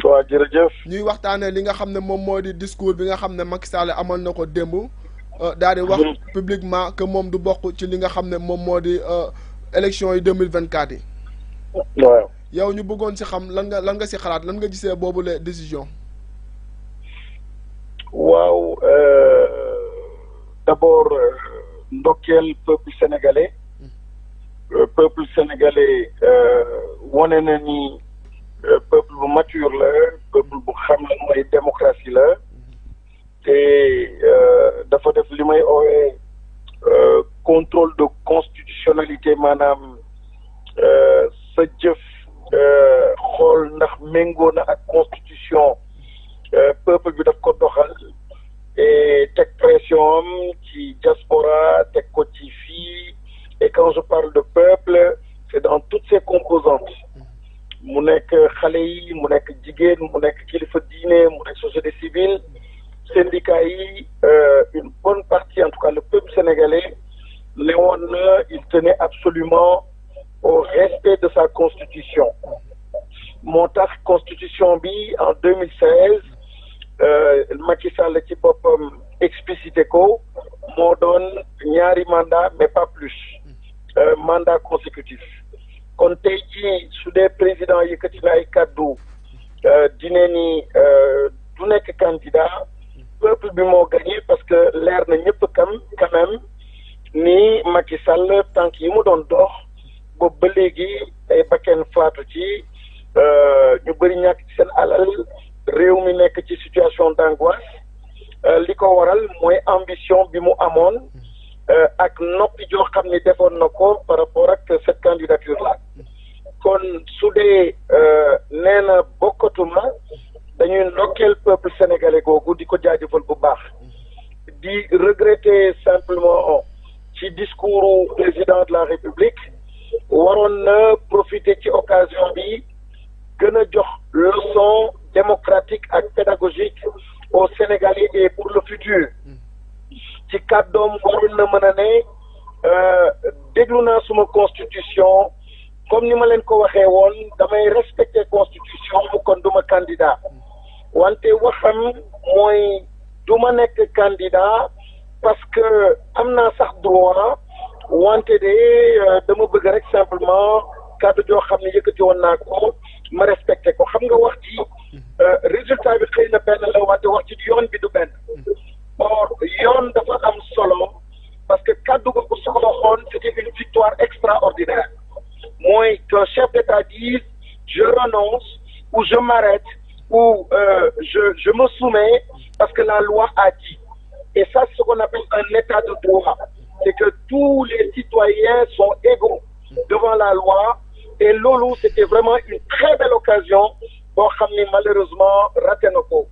waaw jërëjëf. ñuy waxtaanee li nga xam ne moom moo di discours bi nga xam ne Macky Sall amal na ko démb. Euh, daal di wax mhm. publiquement que moom du bokk ci li nga xam ne moom moo di euh, élection yi deux mille vingt quatre yi. yow ñu bëggoon si xam lan nga lan nga si xalaat lan nga gisee boobu la décision. waaw euh, d'abord ndokkeel peuple sénégalais. Mm. peuple sénégalais wane na ni. peuple mature la peuple bu xam lan démocratie la te euh, dafa def li may oowee euh, contrôle de constitutionnalité maanaam euh, sa jëf xool ndax méngoo na ak constitution peuple bi daf ko doxal et teg pression ci diaspora teg ko et quand je parle de peuple c'est dans toutes ses composantes mu nekk xale yi mu nekk jigéen mu société civile syndicats euh, une bonne partie en tout cas le peuple sénégalais Léon il tenait absolument au respect de sa constitution Mon constitution bi en 2016 euh, Macky Sall ci boppam explicité ko moo doon ñaari mandat mais pas plus euh, mandat consécutif Euh, dina ni euh, du nek candidat peuple bi mo gagné parce que l'air na ñëpp kam quand même ni Macky Sall tank yi mu don dox boobu ba légui ay bakken faatu ci euh, ñu bari ñak ci seen alal réew mi nek ci situation d'angoisse li ko waral moy ambition bi mu euh ak nopi jo xamni defon nako par rapport ak cette candidature là kon su dee euh, nee na dañuy ndokkeel peuple sénégalais googu di ko jaajëfal bu baax di regretter simplement ci discours président de la république a na profiter ci occasion bi gëna jox leçon démocratique et pédagogique aux Sénégalais et pour le futur ci kaddom waroon na mën a ne euh, déglu na suma constitution comme ni ma leen ko waxee woon damay respecter constitution bu kon du ma candidat wante waxam mooy du ma nekk candidat parce que am naa sax droit wante de euh, dama bëgg rek simplement kàddu joo xam ne yëkkati woon naa ko où euh, je, je me soumets parce que la loi a dit. Et ça, c'est ce qu'on appelle un état de droit. C'est que tous les citoyens sont égaux devant la loi. Et Lolo, c'était vraiment une très belle occasion boo xam malheureusement Ratenoko.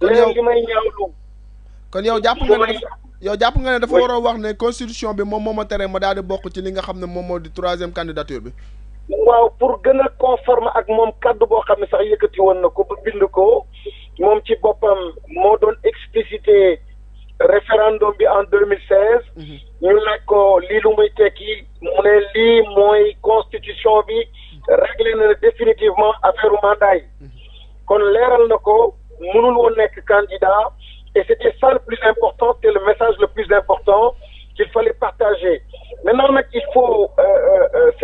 de ko. may ñaawlu. kon yow jàpp nga ne yow jàpp nga ne dafa war a wax ne constitution bi moom moo ma tere ma daal di bokk ci li nga xam ne moom moo di troisième candidature bi pour gën a conforme ak moom cadre boo xam ne sax yëkkati woon na bind référendum en 2016. Mhm. ñu que ko constitution bi mhm. définitivement affaire mandat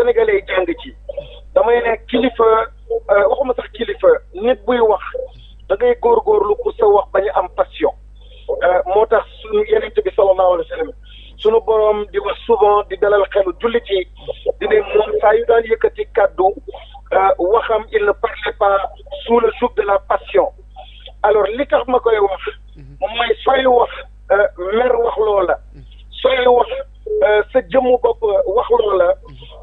sénégalais yi jàng ci damay ne kilifa euh, waxuma sax kilifa nit buy wax da ngay gor gor lu ko sa wax bañ am passion euh, motax sunu suñu yenent bi sallallahu alayhi wa sallam suñu boroom di wax souvent di dalal xelu jullit yi di ne moom saa yu daan yëkkati cadeau euh, waxam il ne parlait pas sous le joug de la passion alors li tax ma koy wax mooy sooy wax mer wax loola sooy wax sa jëmmu bopp wax loola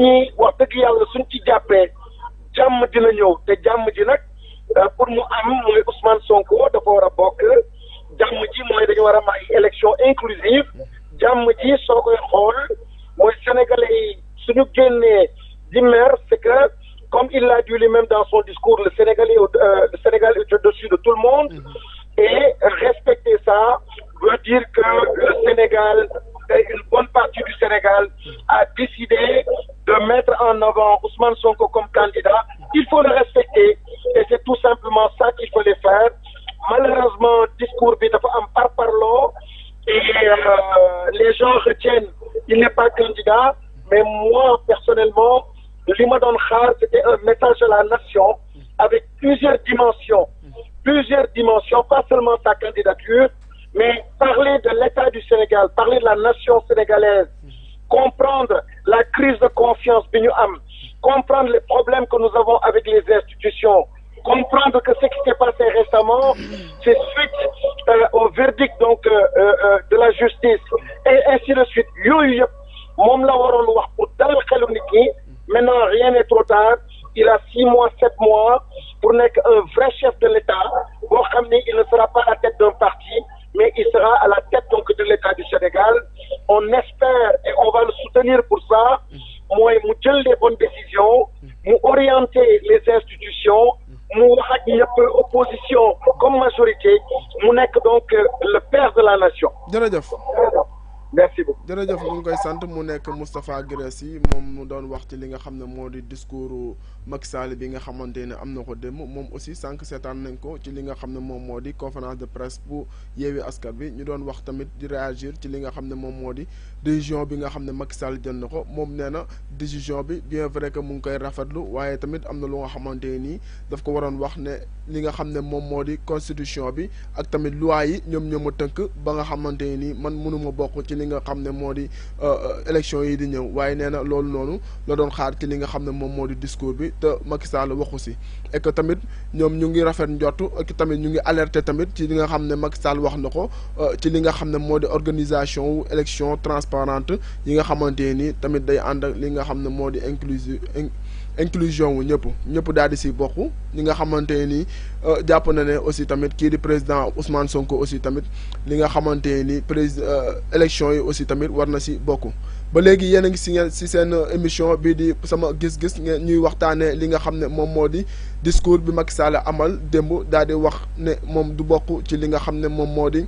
Euh, Ousmane Sonko élection inclusive comme il l'a dit lui-même dans son discours le euh, Sénégal au-dessus de tout le monde mm-hmm. et respecter ça veut dire que le Sénégal euh, une bonne partie du Sénégal a décidé de mettre en avant Ousmane Sonko comme candidat, il faut le respecter. Et c'est tout simplement ça qu'il faut fallait faire. Malheureusement, discours vite en par parlant et euh, les gens retiennent. Il n'est pas candidat, mais moi, personnellement, l'Imadon Khar, c'était un message à la nation avec plusieurs dimensions. Plusieurs dimensions, pas seulement sa candidature, mais parler de l'État du Sénégal, parler de la nation sénégalaise, comprendre la crise de confiance comprendre les problèmes que nous avons avec les institutions comprendre que ce qui s'est passé récemment c'est suite euh, au verdict donc euh, euh, de la justice et ainsi de suite maintenant rien n'est trop tard il a six mois sept mois pour n'être un vrai chef de l'État il ne sera pas à la tête d'un parti mais il sera à la on espère et on va le soutenir pour ça Moi, je jël les bonnes décisions nous orienter les institutions Je vais peu opposition comme majorité Je vais donc euh, le père de la nation. merci beaucoup. jërëjëf ñu ngi koy sant mu nekk Moustapha Guirassy moom mu doon wax ci li nga xam ne moo di discours Macky Sall bi nga xamante ne am na ko dém moom aussi sànq seetaan nañ ko ci li nga xam ne moom moo di conférence de presse bu yeewi askan bi ñu doon wax tamit di réagir ci li nga xam ne moom moo di décision bi nga xam ne Macky Sall jël na ko moom nee na décision bi bien vrai que mu ngi koy rafetlu waaye tamit am na lu nga xamante nii daf ko waroon wax ne li nga xam ne moom moo di constitution bi ak tamit loi yi ñoom ñoo ma tënk ba nga xamante nii man mënuma bokk ci li nga xam ne moo di euh, euh, élection yi di ñëw waaye nee na loolu noonu la doon xaar ci li nga xam ne moom moo di discours bi te Macky Sall waxu si et que tamit ñoom ñu ngi rafet njortu ak tamit ñu ngi alerter tamit ci li nga xam ne Macky Sall wax na ko euh, ci li nga xam ne moo di organisation wu élection transparente yi nga xamante ni tamit day ànd ak li nga xam ne moo di inclusive inclusion wu ñëpp ñëpp daal di si bokk ñi nga xamante ni euh, jàpp na ne aussi tamit kii di président Ousmane Sonko aussi tamit li nga xamante ni président euh, élection yi aussi tamit war na si bokk. ba léegi yéen a ngi si ngeen si seen émission bii di sama gis-gis ngeen ñuy waxtaanee li nga xam ne moom moo di discours bi mag saala amal démb daal di wax ne moom du bokk ci li nga xam ne moom moo di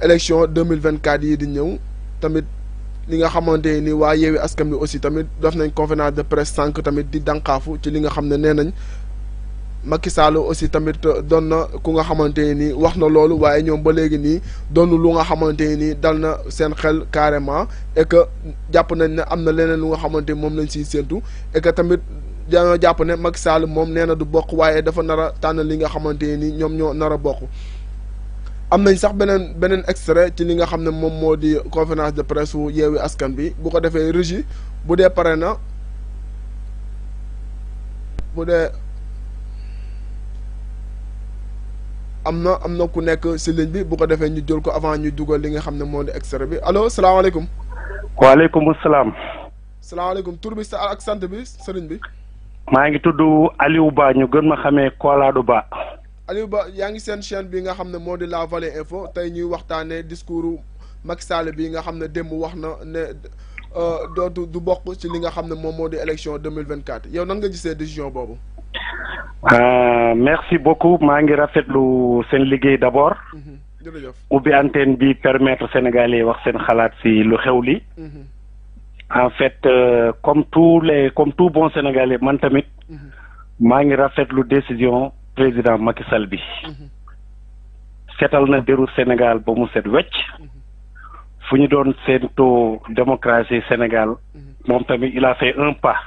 deux mille vingt 2024 yi di ñëw tamit. li nga xamante ni waa yeewi askan bi aussi tamit def nañ conférence de presse sànq tamit di dànkaafu ci li nga xam ne nee nañ Macky Sall aussi tamit doon na ku nga xamante ni wax na loolu waaye ñoom ba léegi nii doon lu nga xamante nii dal na seen xel carrément et jàpp nañ ne am na leneen lu nga xamante moom lañ siy séentu et tamit. dañoo jàpp ne Macky Sall moom nee na du bokk waaye dafa nar a tànn li nga xamante ni ñoom ñoo nar a bokk am nañ sax beneen beneen extrait ci li nga xam ne moom moo di conférence de presse wu yeewi askan bi bu ko defee régie bu dee pare na bu dee am na am na ku nekk si ligne bi bu ko defee ñu jël ko avant ñu dugal li nga xam ne moo di extrait bi allo salaamaaleykum. waaleykum salaam. salaamaaleykum tur bi sa ak sant bi sëriñ bi. maa ngi tudd Aliou Ba ñu gën ma xamee Kolaadu Ba. Aliou Ba yaa ngi seen chaîne bi nga xam modi La Vallée Info tay ñuy waxtaanee discoursu Macky Sall bi nga xam ne waxna wax na do euh, dootu du bokk ci li nga xam mom modi élection 2024 yow nan nga gisee décision bobu boobu. Euh, merci beaucoup ma ngi rafetlu seen liggéey d' -hmm. jërëjëf ubbi antenne bi permettre Sénégalais wax sen xalaat ci lu xew li mhm. en fait euh, comme tous les comme tout bon Sénégalais man tamit. -hmm. ma ngi rafetlu décision. président Macky Sall bi seetal na deru Sénégal ba mu set wecc fu ñu doon séentoo démocratie Sénégal moom tamit il a fait un pas